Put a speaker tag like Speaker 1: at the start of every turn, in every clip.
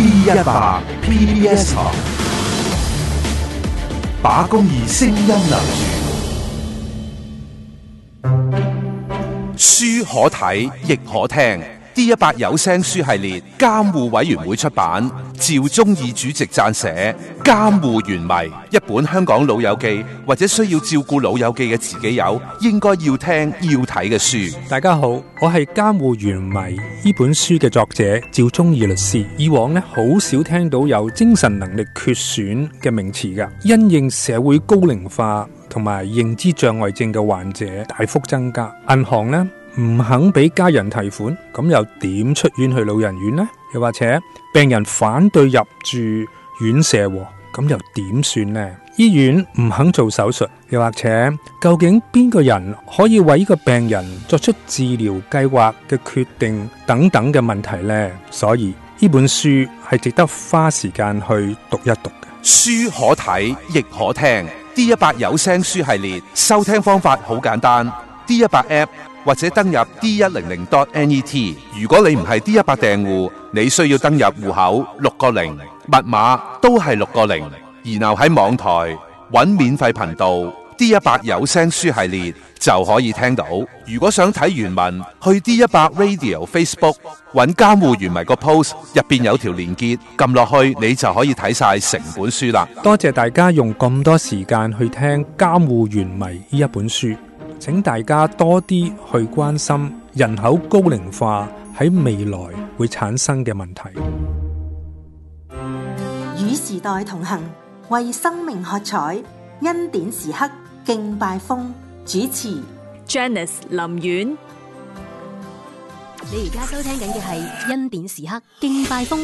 Speaker 1: P 一百 PBS 台，把公義聲音留住，書可睇亦可聽。呢一百有聲書系列，監護委員會出版，趙忠義主席撰寫《監護原迷》，一本香港老友記或者需要照顧老友記嘅自己友，
Speaker 2: 應該要聽要睇嘅書。大家好，我係《監護原迷》呢本書嘅作者趙忠義律師。以往呢，好少聽到有精神能力缺損嘅名詞噶，因應社會高齡化同埋認知障礙症嘅患者大幅增加，銀行呢。唔肯俾家人提款，咁又點出院去老人院呢？又或者病人反對入住院舍，咁又點算呢？醫院唔肯做手術，又或者究竟邊個人可以為呢個病人作出治療計劃嘅決定，等等嘅問題呢？所以呢本書係值得花時間去讀一讀嘅。
Speaker 1: 書可睇，亦可聽。D 一百有聲書系列，收聽方法好簡單。D 一百 App。或者登入 D 一零零 dot net。如果你唔係 D 一百訂戶，你需要登入戶口六個零，密碼都係六個零。然後喺網台揾免費頻道 D 一百有聲書系列就可以聽到。如果想睇原文，去 D 一百 Radio Facebook 揾監護員迷個 post，入邊有條連結，撳落去你就可以睇晒成本書
Speaker 2: 啦。多謝大家用咁多時間去聽《監護員迷》呢一本書。請大家多啲去關心人口高齡化喺未來會產生嘅問題。
Speaker 3: 與時代同行，為生命喝彩，恩典時刻敬拜風，主持 Janice 林苑。你而家收聽緊嘅係恩典時刻敬拜風。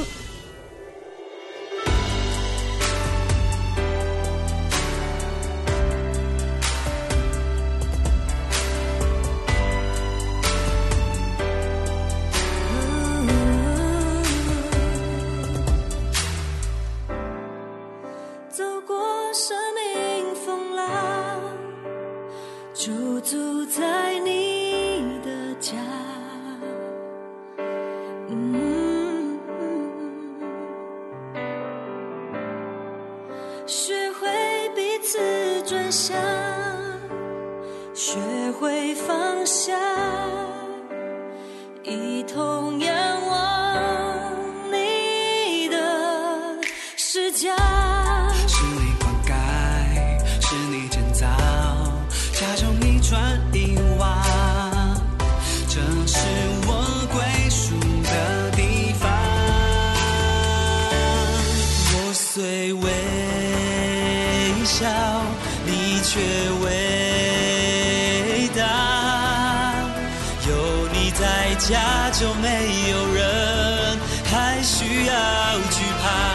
Speaker 4: 有人還需要懼怕。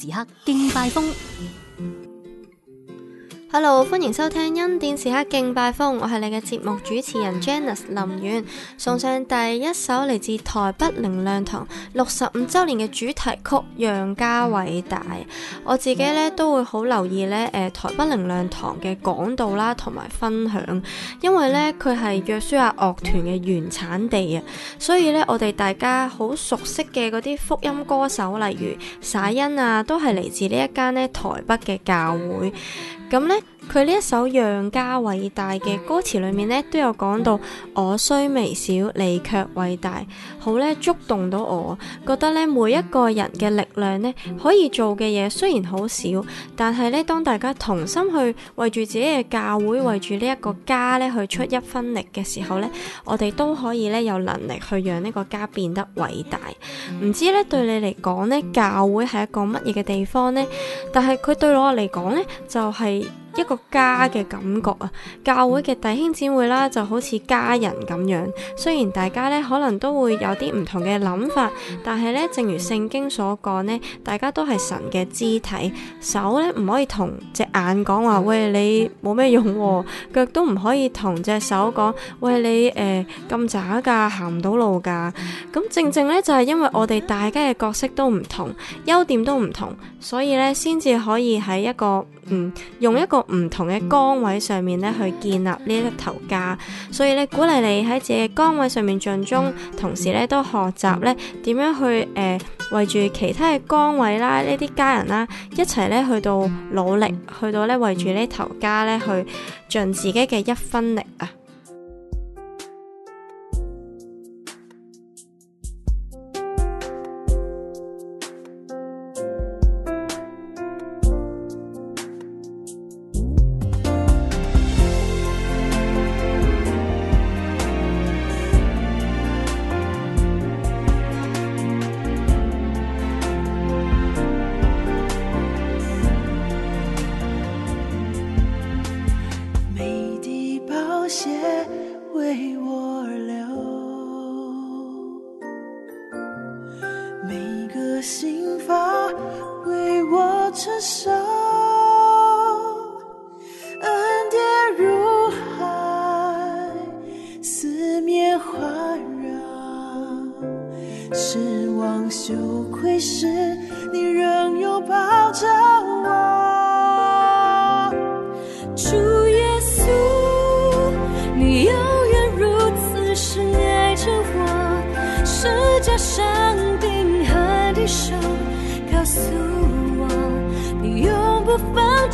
Speaker 3: 時刻敬拜風。hello，歡迎收聽恩典時刻敬拜風，我係你嘅節目主持人 Janice 林遠，送上第一首嚟自台北靈糧堂六十五周年嘅主題曲《讓家偉大》。我自己咧都會好留意咧，誒、呃、台北靈糧堂嘅講道啦，同埋分享，因為咧佢係約書亞樂團嘅原產地啊，所以咧我哋大家好熟悉嘅嗰啲福音歌手，例如撒恩啊，都係嚟自呢一間呢台北嘅教會。咁咧？佢呢一首《讓家偉大》嘅歌詞裏面呢，都有講到我雖微小，你卻偉大，好咧觸動到我，覺得呢每一個人嘅力量呢，可以做嘅嘢雖然好少，但係呢，當大家同心去為住自己嘅教會，為住呢一個家呢，去出一分力嘅時候呢，我哋都可以呢，有能力去讓呢個家變得偉大。唔知呢，對你嚟講呢，教會係一個乜嘢嘅地方呢？但係佢對我嚟講呢，就係……一個家嘅感覺啊，教會嘅弟兄姊妹啦，就好似家人咁樣。雖然大家呢可能都會有啲唔同嘅諗法，但係呢，正如聖經所講呢，大家都係神嘅肢體，手呢唔可以同隻眼講話，喂，你冇咩用啊，腳都唔可以同隻手講，喂，你誒咁渣噶，行唔到路噶。咁正正呢，就係因為我哋大家嘅角色都唔同，優點都唔同，所以呢先至可以喺一個。嗯，用一個唔同嘅崗位上面咧，去建立呢一頭家，所以咧，鼓勵你喺自己嘅崗位上面盡忠，同時咧，都學習咧，點樣去誒、呃、圍住其他嘅崗位啦、呢啲家人啦，一齊咧，去到努力，去到咧，圍住呢頭家咧，去盡自己嘅一分力啊！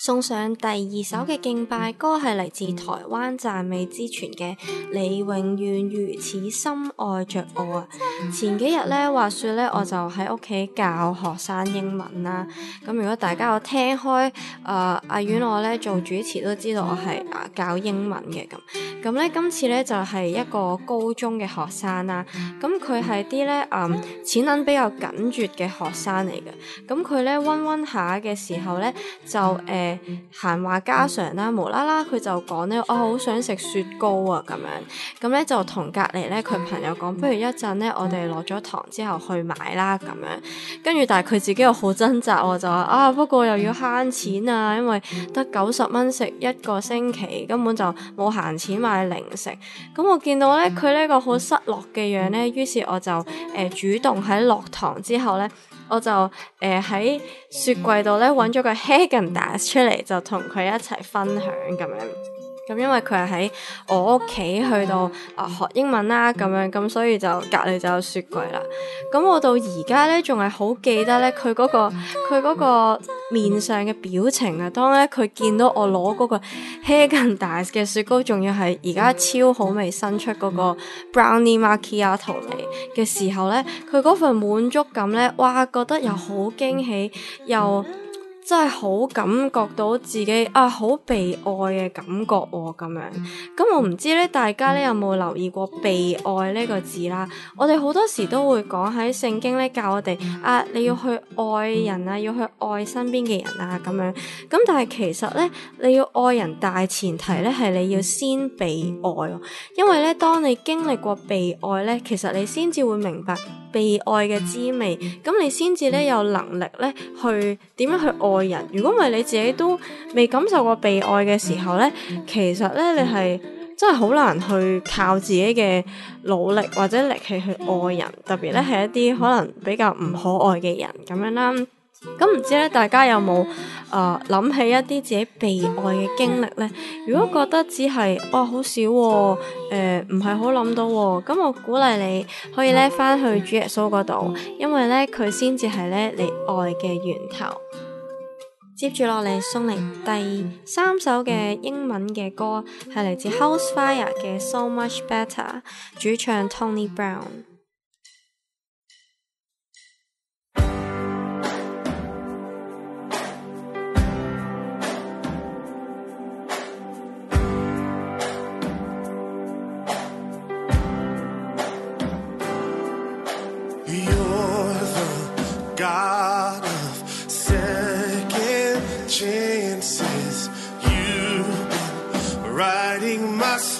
Speaker 3: 送上第二首嘅敬拜歌係嚟自台灣讚美之泉嘅你永遠如此深愛着我啊！前幾日呢，話說呢，我就喺屋企教學生英文啦。咁如果大家有聽開誒、呃，阿遠我呢做主持都知道我係啊教英文嘅咁咁呢今次呢，就係、是、一個高中嘅學生啦。咁佢係啲呢誒錢銀比較緊絀嘅學生嚟嘅。咁佢呢溫溫下嘅時候呢，就誒。呃閒話家常啦，無啦啦佢就講呢：哦「我好想食雪糕啊。咁樣咁呢，就同隔籬呢，佢朋友講，不如一陣呢，我哋落咗堂之後去買啦，咁樣。跟住但係佢自己又好掙扎，我就話啊，不過又要慳錢啊因為得九十蚊食一個星期，根本就冇閒錢買零食。咁我見到呢，佢呢個好失落嘅樣呢，於是我就誒、呃、主動喺落堂之後呢。我就誒喺、呃、雪櫃度咧揾咗個 Hagen Dazs 出嚟，就同佢一齊分享咁樣。咁因為佢係喺我屋企去到啊學英文啦、啊、咁樣，咁所以就隔離就有雪櫃啦。咁我到而家咧，仲係好記得咧佢嗰個佢嗰個面上嘅表情啊。當咧佢見到我攞嗰、那個 Häagen-Dazs 嘅雪糕，仲要係而家超好味新出嗰、那個 Brownie Macchiato 啊口味嘅時候咧，佢嗰份滿足感咧，哇！覺得又好驚喜又～真係好感覺到自己啊，好被愛嘅感覺喎、哦，咁樣。咁我唔知咧，大家咧有冇留意過被愛呢個字啦？我哋好多時都會講喺聖經咧教我哋啊，你要去愛人啊，要去愛身邊嘅人啊，咁樣。咁但係其實呢，你要愛人，大前提呢係你要先被愛，因為呢，當你經歷過被愛呢，其實你先至會明白。被愛嘅滋味，咁你先至咧有能力咧去點樣去愛人。如果唔係你自己都未感受過被愛嘅時候咧，其實咧你係真係好難去靠自己嘅努力或者力氣去愛人，特別咧係一啲可能比較唔可愛嘅人咁樣啦。咁唔知咧，大家有冇誒諗起一啲自己被愛嘅經歷呢？如果覺得只係哇好少，誒唔係好諗到啊，咁我鼓勵你可以咧翻去主耶穌嗰度，因為咧佢先至係咧你愛嘅源頭。接住落嚟送嚟第三首嘅英文嘅歌，係嚟自 House Fire 嘅 So Much Better，主唱 Tony Brown。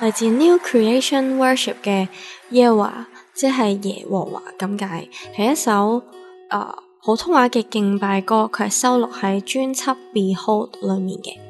Speaker 3: 嚟自 New Creation Worship 嘅耶華，即係耶和華咁解，係一首、呃、普通話嘅敬拜歌，佢係收錄喺專輯 Behold 裏面嘅。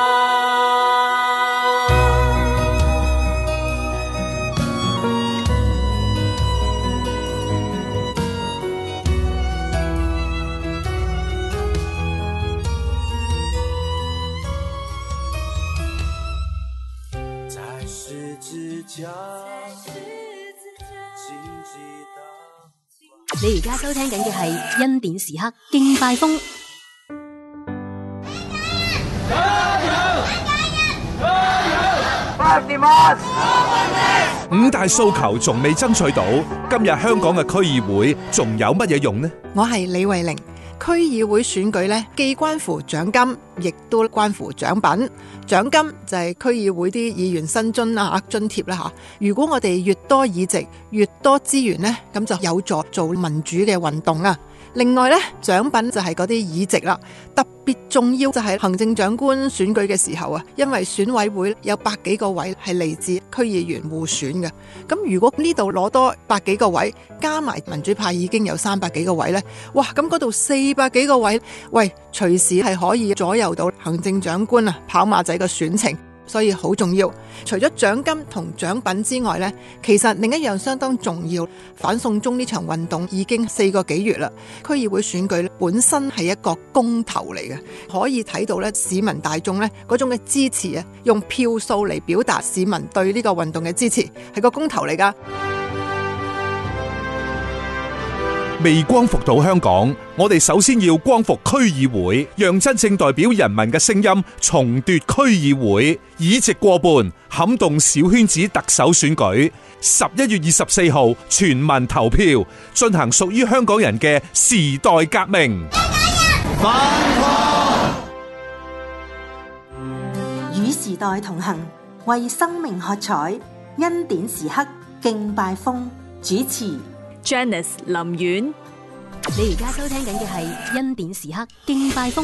Speaker 5: 你而家收聽緊
Speaker 3: 嘅係《恩典時刻敬拜風》。
Speaker 6: 五
Speaker 1: 大訴求仲未爭取到，今日香港嘅區議會仲有乜嘢用
Speaker 5: 呢？我係李慧玲。區議會選舉咧，既關乎獎金，亦都關乎獎品。獎金就係區議會啲議員薪津啦、啊、津貼啦。吓，如果我哋越多議席、越多資源咧，咁就有助做民主嘅運動啊。另外咧，獎品就係嗰啲議席啦、啊。別重要就係行政長官選舉嘅時候啊，因為選委會有百幾個位係嚟自區議員互選嘅，咁如果呢度攞多百幾個位，加埋民主派已經有三百幾個位呢，哇，咁嗰度四百幾個位，喂，隨時係可以左右到行政長官啊跑馬仔嘅選情。所以好重要。除咗獎金同獎品之外呢，其實另一樣相當重要。反送中呢場運動已經四個幾月啦。區議會選舉本身係一個公投嚟嘅，可以睇到咧市民大眾呢嗰種嘅支持啊，用票數嚟表達市民對呢個運動嘅支持，係個公投嚟噶。
Speaker 1: 未光復到香港，我哋首先要光復區議會，讓真正代表人民嘅聲音重奪區議會，議席過半，撼動小圈子特首選舉。十一月二十四號全民投票，進行屬於香港人嘅時代革命。
Speaker 3: 與時代同行，為生命喝彩，恩典時刻敬拜風主持。Janice 林苑，你而家收聽緊嘅係《恩典時刻敬拜風》。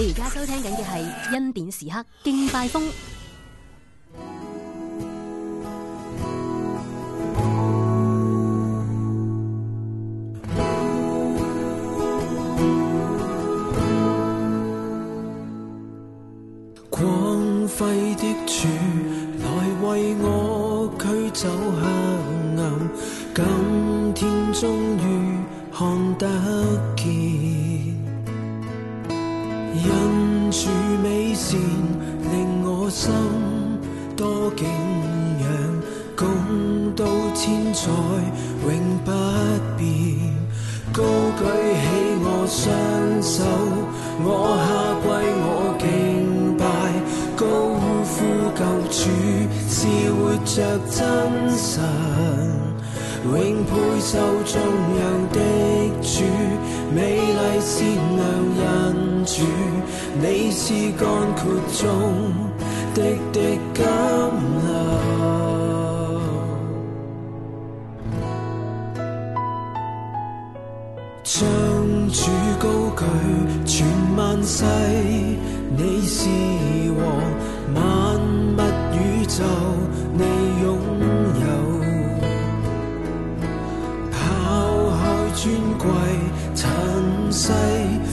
Speaker 3: 你而家收聽緊嘅係《恩典時刻敬拜風》。
Speaker 4: 枝幹闊中滴滴甘流，將主高舉全萬世，你是王，萬物宇宙你擁有，拋開尊貴塵世，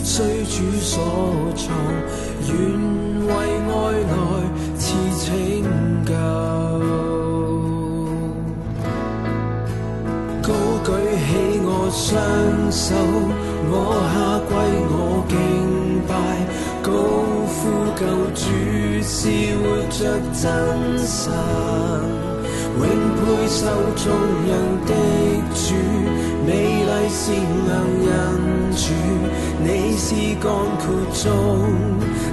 Speaker 4: 誰主所創。願為愛來賜拯救，高舉起我雙手，我下跪我敬拜，高呼救主是活着真神。永配受眾人的主，美麗善良人主，你是乾涸中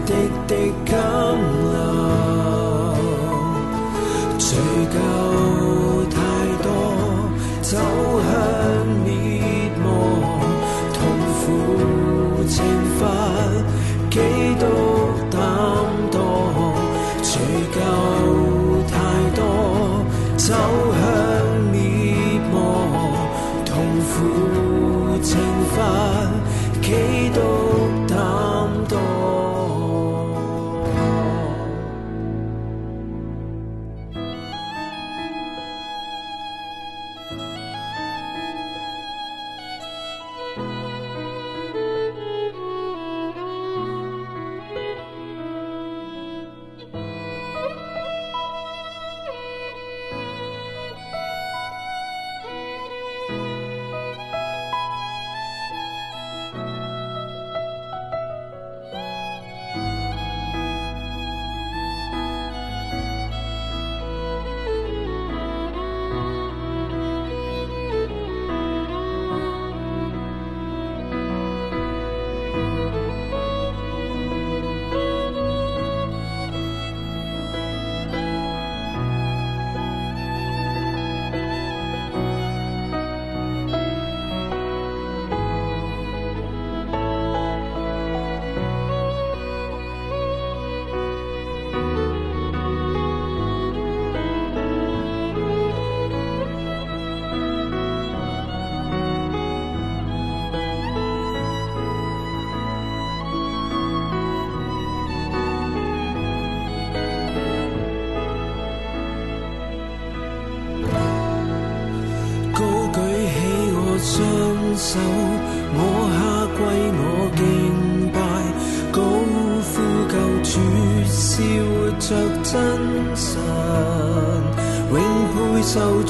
Speaker 4: 的滴滴甘露。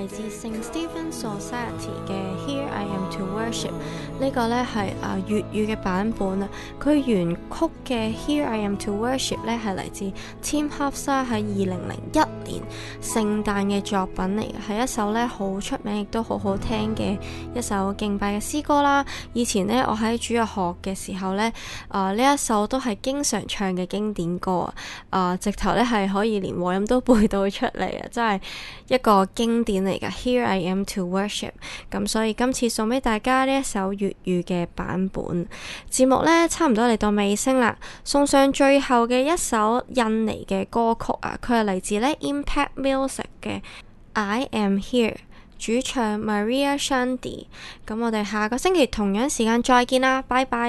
Speaker 3: 嚟自聖 Stephen Society 嘅 Here I Am to Worship、這個、呢個咧係啊粵語嘅版本啊，佢原曲嘅 Here I Am to Worship 咧係嚟自 Tim Hughes 啊喺二零零一年聖誕嘅作品嚟嘅，係一首咧好出名亦都好好聽嘅一首敬拜嘅詩歌啦。以前咧我喺主日學嘅時候咧啊呢、呃、一首都係經常唱嘅經典歌啊，啊、呃、直頭咧係可以連和音都背到出嚟啊，真係一個經典啊！嚟噶，Here I am to worship。咁所以今次送俾大家呢一首粵語嘅版本。節目呢差唔多嚟到尾聲啦，送上最後嘅一首印尼嘅歌曲啊，佢係嚟自呢 Impact Music 嘅《I Am Here》，主唱 Maria Shandy。咁我哋下個星期同樣時間再見啦，拜拜。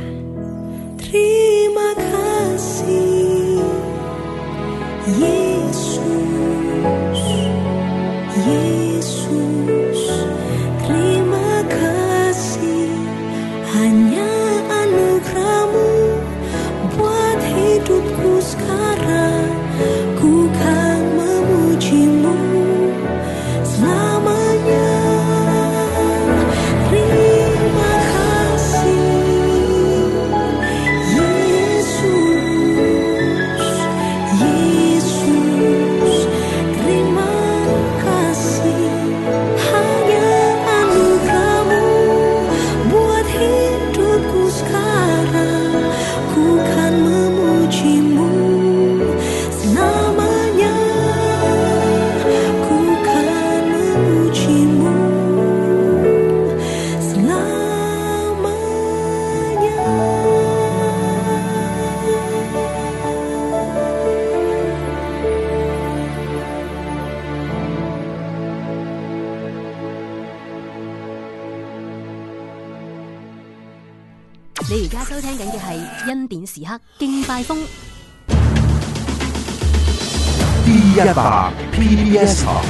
Speaker 1: 啊、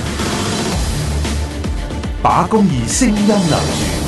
Speaker 1: 把公義聲音留住。